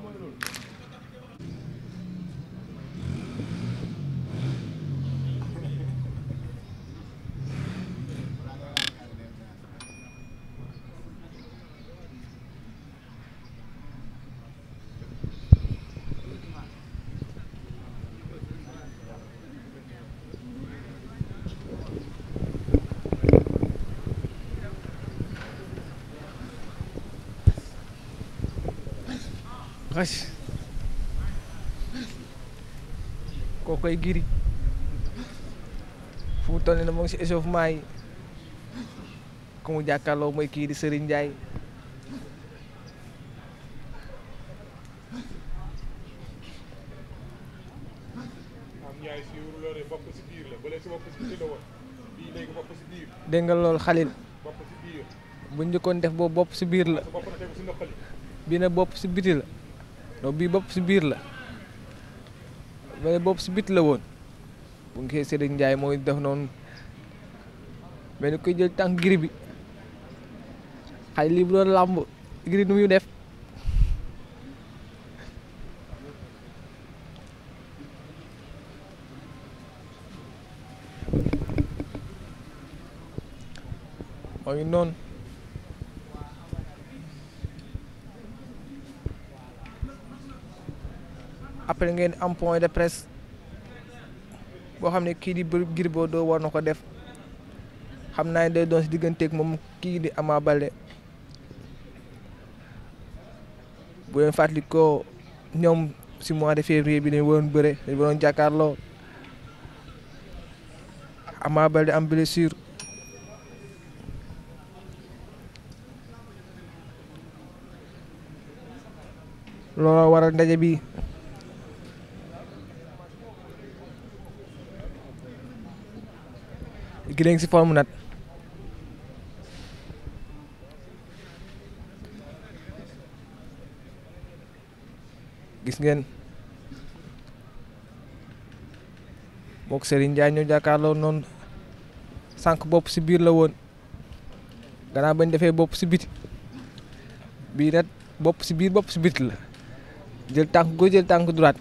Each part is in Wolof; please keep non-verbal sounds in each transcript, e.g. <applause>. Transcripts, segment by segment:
mooy loolu fas kookoy giri fu mu toll nii moo ngi si yi ku mu jàkkaarloo mooy kii di Serigne Ndiaye dégg nga loolu xalil bu njëkkoon def boobu bopp si biir la bi na bopp si biti la donc bii bopp si biir la mais bopp si bit la woon bu nga koy Serigne mooy def noonu mais ni koy jël tànk giri bi xay lii bu doon làmb giri nu muy def moo ngi noonu après ngeen am point de presse boo xam ne kii di Gris Bordeaux war na ko def xam naa ne day doon si digganteeg moom kii di Ama Baldé bu leen fàttali ko ñoom si mois de février bi dañu waroon bëre dañu waroon jàkkaarloo Ama Baldé am blessure looloo waral ndaje bi Guinée ngi si forme nat gis ngeen mook Serigne Ndiaye ñoo jàkkaarloo noonu sànq bopp si biir la woon gannaaw bañ defee bopp si bit bii nag bopp si biir bopp si bit la jël tànk gauche jël tànk droite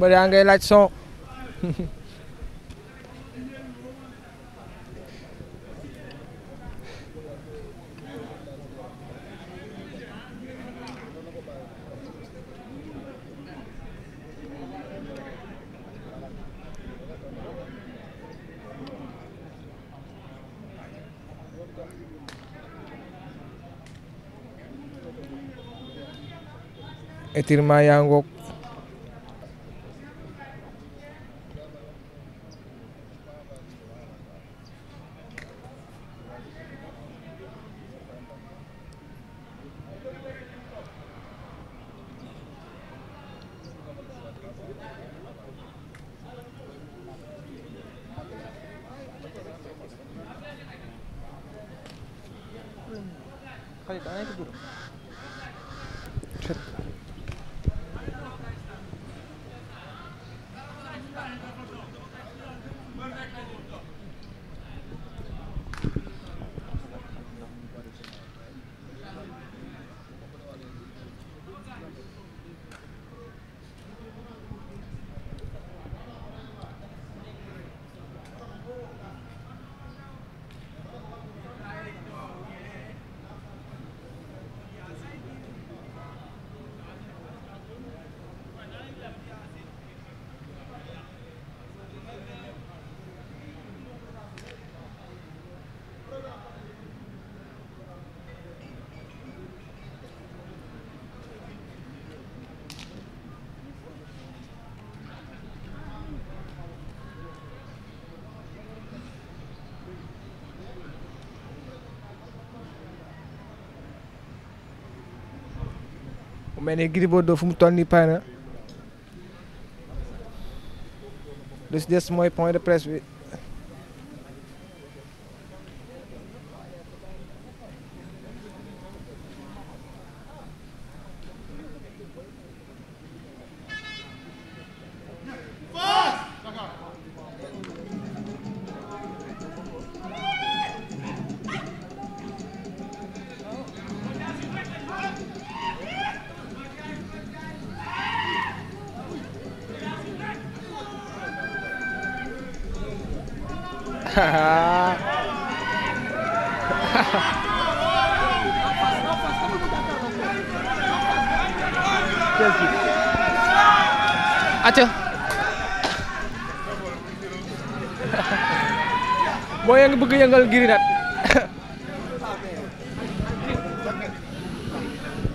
mbër yaa ngay laaj son étirement yaa xarit daa nekk groupe mu mel ne Gris Bordeaux fu mu toll nii pare na des mooy point de presse bi. acca <laughs> <laughs> boo yëngu bëgg yëngal giri nag <laughs>